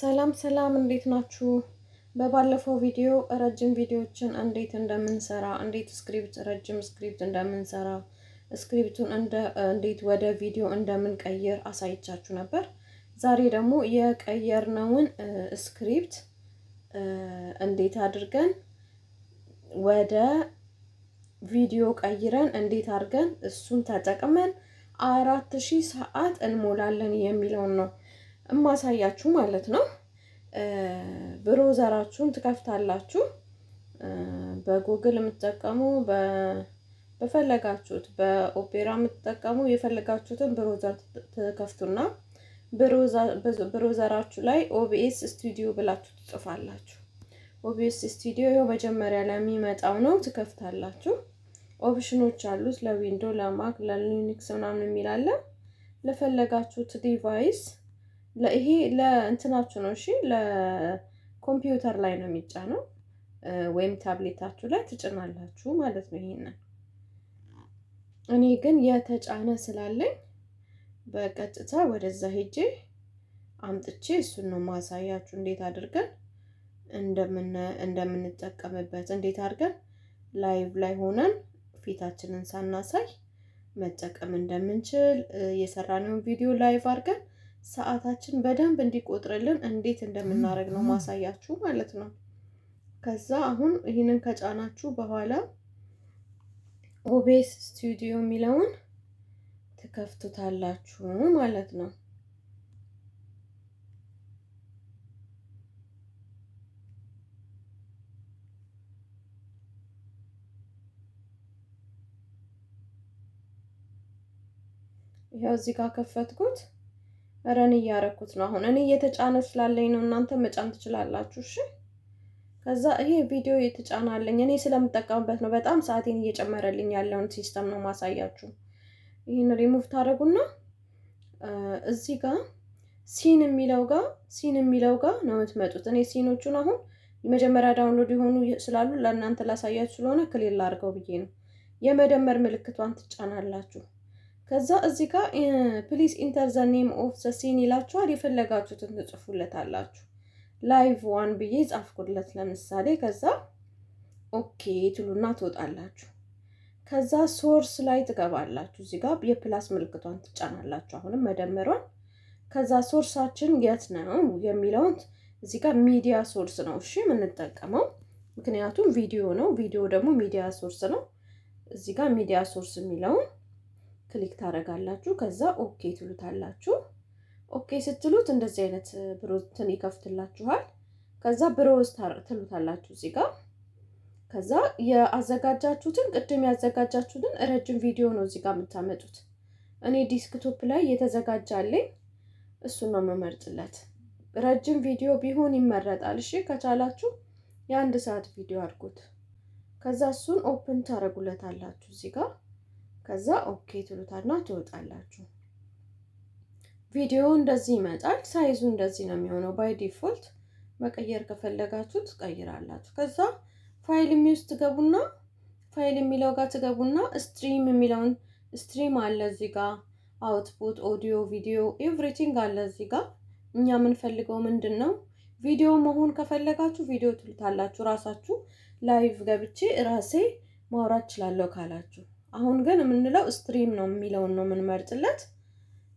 ሰላም ሰላም፣ እንዴት ናችሁ? በባለፈው ቪዲዮ ረጅም ቪዲዮዎችን እንዴት እንደምንሰራ እንዴት ስክሪፕት ረጅም ስክሪፕት እንደምንሰራ ስክሪፕቱን እንዴት ወደ ቪዲዮ እንደምንቀይር አሳይቻችሁ ነበር። ዛሬ ደግሞ የቀየርነውን ስክሪፕት እንዴት አድርገን ወደ ቪዲዮ ቀይረን እንዴት አድርገን እሱን ተጠቅመን አራት ሺህ ሰዓት እንሞላለን የሚለውን ነው እማሳያችሁ ማለት ነው። ብሮዘራችሁን ትከፍታላችሁ። በጉግል የምትጠቀሙ በፈለጋችሁት በኦፔራ የምትጠቀሙ የፈለጋችሁትን ብሮዘር ትከፍቱና ብሮዘራችሁ ላይ ኦቢኤስ ስቱዲዮ ብላችሁ ትጽፋላችሁ። ኦቢኤስ ስቱዲዮ ይኸው መጀመሪያ ላይ የሚመጣው ነው። ትከፍታላችሁ። ኦፕሽኖች አሉት ለዊንዶ፣ ለማክ፣ ለሊኒክስ ምናምን የሚላለ ለፈለጋችሁት ዲቫይስ ይሄ ለእንትናችሁ ነው እሺ፣ ለኮምፒውተር ላይ ነው የሚጫነው ወይም ታብሌታችሁ ላይ ትጭናላችሁ ማለት ነው። ይሄንን እኔ ግን የተጫነ ስላለኝ በቀጥታ ወደዛ ሄጄ አምጥቼ እሱን ነው ማሳያችሁ እንዴት አድርገን እንደምንጠቀምበት እንዴት አድርገን ላይቭ ላይ ሆነን ፊታችንን ሳናሳይ መጠቀም እንደምንችል የሰራነውን ቪዲዮ ላይቭ አድርገን ሰዓታችን በደንብ እንዲቆጥርልን እንዴት እንደምናደርግ ነው ማሳያችሁ ማለት ነው። ከዛ አሁን ይህንን ከጫናችሁ በኋላ ኦቤስ ስቱዲዮ የሚለውን ትከፍቱታላችሁ ማለት ነው። ያው እዚህ ጋር ከፈትኩት። ኧረ እኔ እያረኩት ነው አሁን እኔ እየተጫነ ስላለኝ ነው። እናንተ መጫን ትችላላችሁ። እሺ ከዛ ይሄ ቪዲዮ እየተጫናለኝ እኔ ስለምጠቀምበት ነው። በጣም ሰዓቴን እየጨመረልኝ ያለውን ሲስተም ነው ማሳያችሁ። ይህን ሪሙቭ ታደረጉና እዚህ ጋር ሲን የሚለው ጋር ሲን የሚለው ጋር ነው የምትመጡት። እኔ ሲኖቹን አሁን የመጀመሪያ ዳውንሎድ የሆኑ ስላሉ ለእናንተ ላሳያችሁ ስለሆነ ክሌል አድርገው ብዬ ነው። የመደመር ምልክቷን ትጫናላችሁ። ከዛ እዚህ ጋር ፕሊስ ኢንተር ዘ ኔም ኦፍ ዘ ሲን ይላችኋል። የፈለጋችሁትን ትጽፉለት አላችሁ። ላይቭ ዋን ብዬ ጻፍኩለት ለምሳሌ። ከዛ ኦኬ ትሉና ትወጣላችሁ። ከዛ ሶርስ ላይ ትገባላችሁ። እዚህ ጋር የፕላስ ምልክቷን ትጫናላችሁ፣ አሁንም መደመሯን። ከዛ ሶርሳችን የት ነው የሚለውን እዚህ ጋር ሚዲያ ሶርስ ነው እሺ የምንጠቀመው፣ ምክንያቱም ቪዲዮ ነው። ቪዲዮ ደግሞ ሚዲያ ሶርስ ነው። እዚህ ጋር ሚዲያ ሶርስ የሚለውን ክሊክ ታደርጋላችሁ። ከዛ ኦኬ ትሉታላችሁ። ኦኬ ስትሉት እንደዚህ አይነት ብሮትን ይከፍትላችኋል። ከዛ ብሮዝ ትሉታላችሁ እዚህ ጋር። ከዛ የአዘጋጃችሁትን ቅድም ያዘጋጃችሁትን ረጅም ቪዲዮ ነው እዚህ ጋር የምታመጡት። እኔ ዲስክቶፕ ላይ የተዘጋጃለኝ እሱን ነው የምመርጥለት። ረጅም ቪዲዮ ቢሆን ይመረጣል። እሺ ከቻላችሁ የአንድ ሰዓት ቪዲዮ አድርጉት። ከዛ እሱን ኦፕን ታደርጉለታላችሁ እዚህ ጋር ከዛ ኦኬ ትሉታና ትወጣላችሁ። ቪዲዮ እንደዚህ ይመጣል። ሳይዙ እንደዚህ ነው የሚሆነው። ባይ ዲፎልት መቀየር ከፈለጋችሁ ትቀይራላችሁ። ከዛ ፋይል የሚውስጥ ትገቡና ፋይል የሚለው ጋር ትገቡና ስትሪም የሚለውን ስትሪም አለ እዚህ ጋር አውትፑት፣ ኦዲዮ፣ ቪዲዮ ኤቭሪቲንግ አለ እዚህ ጋር። እኛ የምንፈልገው ምንድን ነው? ቪዲዮ መሆን ከፈለጋችሁ ቪዲዮ ትልታላችሁ። ራሳችሁ ላይቭ ገብቼ ራሴ ማውራት እችላለሁ ካላችሁ አሁን ግን የምንለው ስትሪም ነው የሚለውን ነው የምንመርጥለት።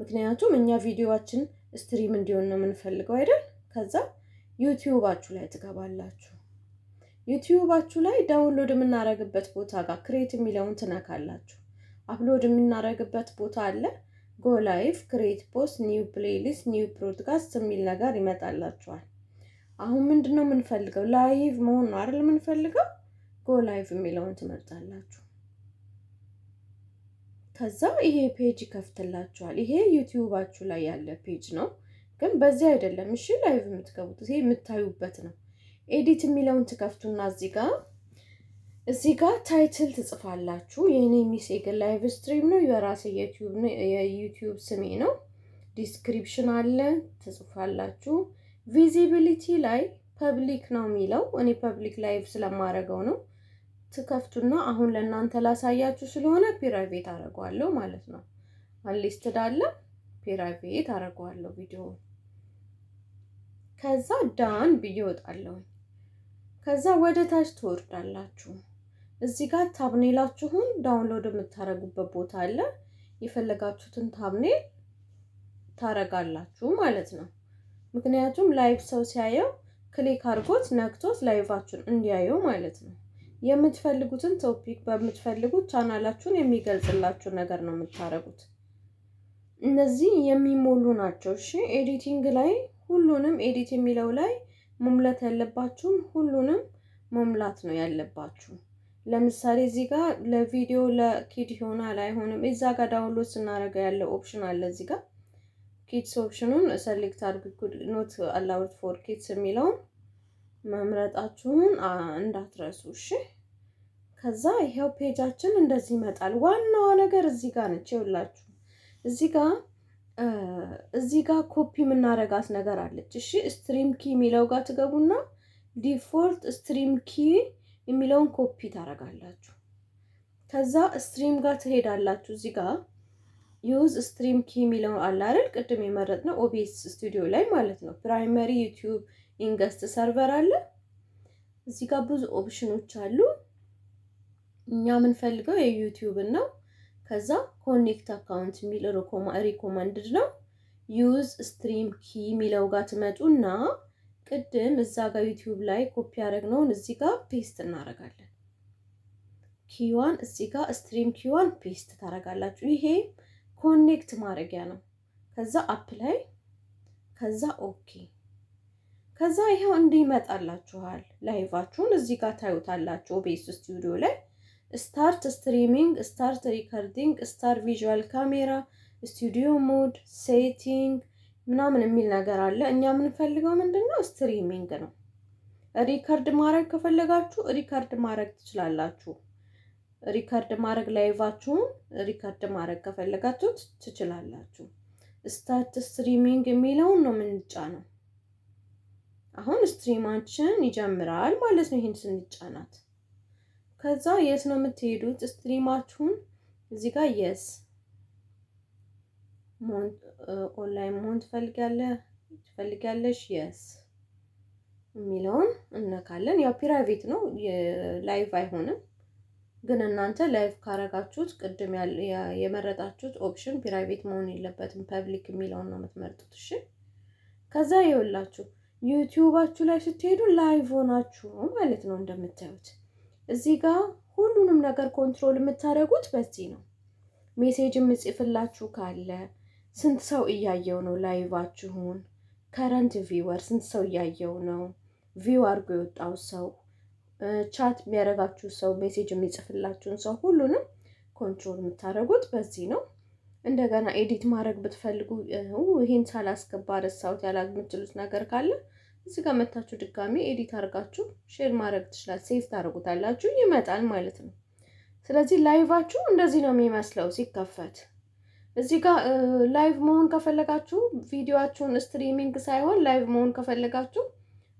ምክንያቱም እኛ ቪዲዮችን ስትሪም እንዲሆን ነው የምንፈልገው አይደል? ከዛ ዩቲዩባችሁ ላይ ትገባላችሁ። ዩቲዩባችሁ ላይ ዳውንሎድ የምናደርግበት ቦታ ጋር ክሬት የሚለውን ትነካላችሁ። አፕሎድ የምናደርግበት ቦታ አለ። ጎ ላይቭ፣ ክሬት ፖስት፣ ኒው ፕሌሊስት፣ ኒው ፕሮድካስት የሚል ነገር ይመጣላችኋል። አሁን ምንድን ነው የምንፈልገው? ላይቭ መሆን ነው አይደል የምንፈልገው። ጎ ላይቭ የሚለውን ትመርጣላችሁ። ከዛ ይሄ ፔጅ ይከፍትላችኋል። ይሄ ዩቲዩባችሁ ላይ ያለ ፔጅ ነው፣ ግን በዚህ አይደለም። እሺ ላይቭ የምትገቡት ይሄ የምታዩበት ነው። ኤዲት የሚለውን ትከፍቱና እዚህ ጋር እዚህ ጋር ታይትል ትጽፋላችሁ። የኔ ሚስ የግል ላይቭ ስትሪም ነው፣ የራሴ የዩቲዩብ ስሜ ነው። ዲስክሪፕሽን አለ ትጽፋላችሁ። ቪዚቢሊቲ ላይ ፐብሊክ ነው የሚለው እኔ ፐብሊክ ላይቭ ስለማደርገው ነው። ትከፍቱና አሁን ለእናንተ ላሳያችሁ ስለሆነ ፕራይቬት አደርገዋለሁ ማለት ነው። አንሊስት ዳለ ፕራይቬት አደርገዋለሁ ቪዲዮ። ከዛ ዳን ብዬ እወጣለሁ። ከዛ ወደ ታች ትወርዳላችሁ። እዚህ ጋር ታብኔላችሁን ዳውንሎድ የምታደርጉበት ቦታ አለ። የፈለጋችሁትን ታብኔል ታረጋላችሁ ማለት ነው። ምክንያቱም ላይቭ ሰው ሲያየው ክሊክ አድርጎት ነክቶት ላይቫችሁን እንዲያየው ማለት ነው። የምትፈልጉትን ቶፒክ በምትፈልጉት ቻናላችሁን የሚገልጽላችሁ ነገር ነው የምታደርጉት። እነዚህ የሚሞሉ ናቸው። እሺ ኤዲቲንግ ላይ ሁሉንም ኤዲት የሚለው ላይ መሙላት ያለባችሁን ሁሉንም መሙላት ነው ያለባችሁ። ለምሳሌ እዚህ ጋር ለቪዲዮ ለኪድ ይሆናል አይሆንም። እዛ ጋር ዳውንሎድ ስናደርገ ያለው ኦፕሽን አለ። እዚህ ጋር ኪድስ ኦፕሽኑን ሰሌክት አድርጉ። ኖት አላውድ ፎር ኪድስ የሚለውን መምረጣችሁን እንዳትረሱ እሺ። ከዛ ይሄው ፔጃችን እንደዚህ ይመጣል። ዋናዋ ነገር እዚህ ጋር ነች። ይኸውላችሁ እዚህ ጋር እዚህ ጋር ኮፒ የምናደርጋት ነገር አለች። እሺ ስትሪም ኪ የሚለው ጋር ትገቡና ዲፎልት ስትሪም ኪ የሚለውን ኮፒ ታረጋላችሁ። ከዛ ስትሪም ጋር ትሄዳላችሁ እዚህ ጋር ዩዝ ስትሪም ኪ የሚለውን አለ አይደል? ቅድም የመረጥ ነው ኦቢኤስ ስቱዲዮ ላይ ማለት ነው። ፕራይመሪ ዩቲዩብ ኢንገስት ሰርቨር አለ። እዚህ ጋር ብዙ ኦፕሽኖች አሉ። እኛ የምንፈልገው የዩቲዩብን ነው። ከዛ ኮኔክት አካውንት የሚል ሪኮማንድድ ነው። ዩዝ ስትሪም ኪ የሚለው ጋር ትመጡና ቅድም እዛ ጋር ዩቲዩብ ላይ ኮፒ ያደረግነውን እዚህ ጋር ፔስት እናደርጋለን። ኪዋን እዚህ ጋር ስትሪም ኪዋን ፔስት ታደርጋላችሁ። ይሄ ኮኔክት ማድረጊያ ነው። ከዛ አፕ ላይ ከዛ ኦኬ ከዛ ይሄው እንዲህ ይመጣላችኋል። ላይቫችሁን እዚህ ጋር ታዩታላችሁ። ኦቤስ ስቱዲዮ ላይ ስታርት ስትሪሚንግ፣ ስታርት ሪከርዲንግ፣ ስታር ቪዥዋል ካሜራ፣ ስቱዲዮ ሞድ፣ ሴቲንግ ምናምን የሚል ነገር አለ። እኛ የምንፈልገው ምንድን ነው? ስትሪሚንግ ነው። ሪከርድ ማድረግ ከፈለጋችሁ ሪከርድ ማድረግ ትችላላችሁ። ሪከርድ ማድረግ ላይቫችሁን ሪከርድ ማድረግ ከፈለጋችሁት ትችላላችሁ። ስታርት ስትሪሚንግ የሚለውን ነው ምንጫ ነው። አሁን ስትሪማችን ይጀምራል ማለት ነው። ይህን ስንጫናት ከዛ የስ ነው የምትሄዱት ስትሪማችሁን እዚህ ጋር የስ ኦንላይን መሆን ትፈልጊያለሽ የስ የሚለውን እነካለን። ያው ፕራይቬት ነው ላይቭ አይሆንም። ግን እናንተ ላይቭ ካረጋችሁት ቅድም የመረጣችሁት ኦፕሽን ፕራይቬት መሆን የለበትም ፐብሊክ የሚለውን ነው የምትመርጡት። እሺ ከዛ ይኸውላችሁ ዩቲዩባችሁ ላይ ስትሄዱ ላይቭ ሆናችሁ ማለት ነው እንደምታዩት እዚህ ጋር ሁሉንም ነገር ኮንትሮል የምታደርጉት በዚህ ነው። ሜሴጅ የምጽፍላችሁ ካለ ስንት ሰው እያየው ነው ላይቫችሁን፣ ከረንት ቪወር ስንት ሰው እያየው ነው፣ ቪው አድርጎ የወጣው ሰው ቻት የሚያደርጋችሁ ሰው ሜሴጅ የሚጽፍላችሁን ሰው ሁሉንም ኮንትሮል የምታደርጉት በዚህ ነው። እንደገና ኤዲት ማድረግ ብትፈልጉ ይህን ሳላስገባ ረሳሁት ያላል የምትሉት ነገር ካለ እዚህ ጋር መታችሁ ድጋሚ ኤዲት አድርጋችሁ ሼር ማድረግ ትችላል። ሴቭ ታደርጉታላችሁ ይመጣል ማለት ነው። ስለዚህ ላይቫችሁ እንደዚህ ነው የሚመስለው ሲከፈት። እዚህ ጋር ላይቭ መሆን ከፈለጋችሁ ቪዲዮችሁን ስትሪሚንግ ሳይሆን ላይቭ መሆን ከፈለጋችሁ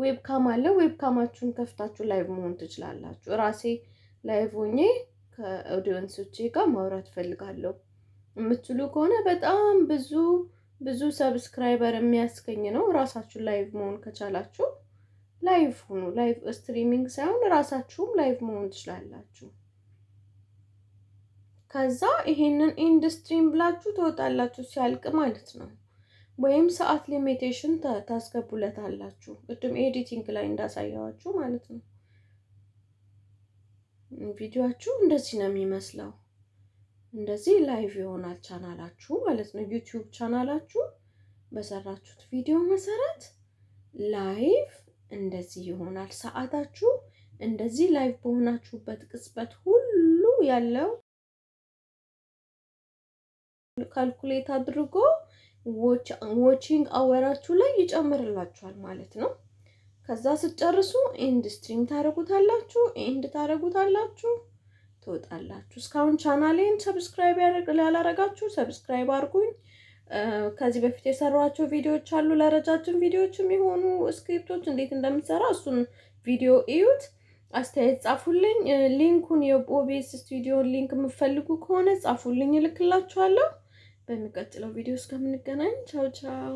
ዌብካም አለ። ዌብካማችሁን ከፍታችሁ ላይቭ መሆን ትችላላችሁ። ራሴ ላይቭ ሆኜ ከኦዲየንሶቼ ጋር ማውራት ፈልጋለሁ የምትሉ ከሆነ በጣም ብዙ ብዙ ሰብስክራይበር የሚያስገኝ ነው። ራሳችሁ ላይቭ መሆን ከቻላችሁ ላይቭ ሁኑ። ላይቭ ስትሪሚንግ ሳይሆን ራሳችሁም ላይቭ መሆን ትችላላችሁ። ከዛ ይሄንን ኢንዱስትሪም ብላችሁ ትወጣላችሁ ሲያልቅ ማለት ነው። ወይም ሰዓት ሊሚቴሽን ታስገቡለታላችሁ። ቅድም ኤዲቲንግ ላይ እንዳሳየዋችሁ ማለት ነው። ቪዲዮችሁ እንደዚህ ነው የሚመስለው። እንደዚህ ላይቭ ይሆናል ቻናላችሁ ማለት ነው። ዩቲዩብ ቻናላችሁ በሰራችሁት ቪዲዮ መሰረት ላይቭ እንደዚህ ይሆናል። ሰዓታችሁ እንደዚህ ላይቭ በሆናችሁበት ቅጽበት ሁሉ ያለው ካልኩሌት አድርጎ ዎቺንግ አወራችሁ ላይ ይጨምርላችኋል ማለት ነው። ከዛ ስትጨርሱ ኤንድ ስትሪም ታደርጉታላችሁ፣ ኤንድ ታደረጉታላችሁ፣ ትወጣላችሁ። እስካሁን ቻናሌን ሰብስክራይብ ያላረጋችሁ ሰብስክራይብ አርጉኝ። ከዚህ በፊት የሰሯቸው ቪዲዮዎች አሉ፣ ለረጃጅም ቪዲዮዎች የሚሆኑ ስክሪፕቶች እንዴት እንደምትሰራ እሱን ቪዲዮ እዩት፣ አስተያየት ጻፉልኝ። ሊንኩን የኦቢኤስ ስቱዲዮን ሊንክ የምትፈልጉ ከሆነ ጻፉልኝ፣ እልክላችኋለሁ። በሚቀጥለው ቪዲዮ እስከምንገናኝ ቻው ቻው።